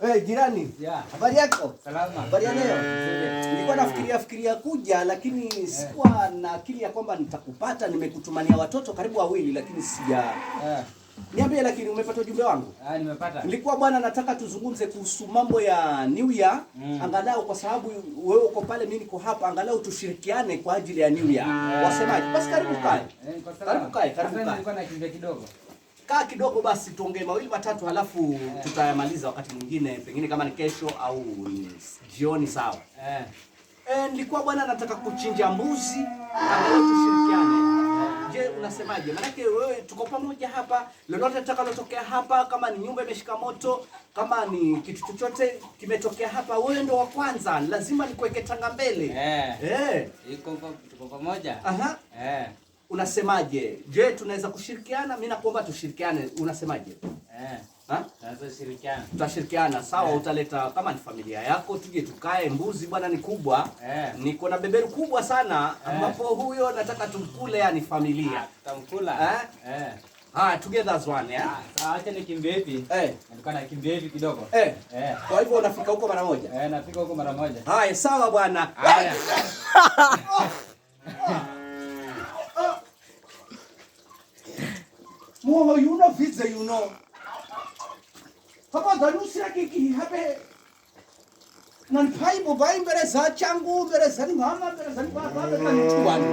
Hey, jirani. Habari yeah. yako? Salama. Habari leo? Yeah. Nilikuwa nafikiria fikiria kuja lakini yeah. sikuwa na akili ya kwamba nitakupata. Nimekutumania watoto karibu wawili lakini sija yeah. Niambie lakini umepata ujumbe wangu? Ah, nimepata. Nilikuwa bwana, nataka tuzungumze kuhusu mambo ya New Year mm. Angalau kwa sababu wewe uko pale, mimi niko hapa, angalau tushirikiane kwa ajili ya New Year. yeah. Wasemaje? Basi karibu kae. yeah. Karibu kae, karibu kae. Nilikuwa na kidogo kaa kidogo basi tuongee mawili matatu, halafu tutayamaliza wakati mwingine, pengine kama ni kesho au jioni. Sawa eh. E, nilikuwa bwana nataka kuchinja mbuzi tushirikiane. Je, unasemaje? Maanake wewe tuko pamoja hapa, lolote litakalotokea hapa, kama ni nyumba imeshika moto, kama ni kitu chochote kimetokea hapa, wewe ndo wa kwanza, lazima nikuweke tanga mbele eh. Eh. Iko tuko pamoja. Aha. Eh unasemaje? Je, tunaweza kushirikiana? Mimi nakuomba tushirikiane, unasemaje? Eh. ha? Tunaweza kushirikiana. Tutashirikiana sawa, eh. Utaleta kama ni familia yako, tuje tukae. Mbuzi bwana ni kubwa eh. Niko na beberu kubwa sana eh. ambapo Huyo nataka tumkule, yani familia ah, tutamkula eh? Yeah. Eh? Ah, together as one yeah. Ah, acha nikimbie hivi eh, nilikuwa nakimbia hivi kidogo eh. Yeah. Kwa hivyo unafika huko mara moja eh? Nafika huko mara moja. Haya, sawa bwana. Haya. Muho yuno vize yuno. Hapa dharusira kiki hape. Nan pai mobai mbere za changu mbere zani mama mbere zani baba mbere zani tuwani.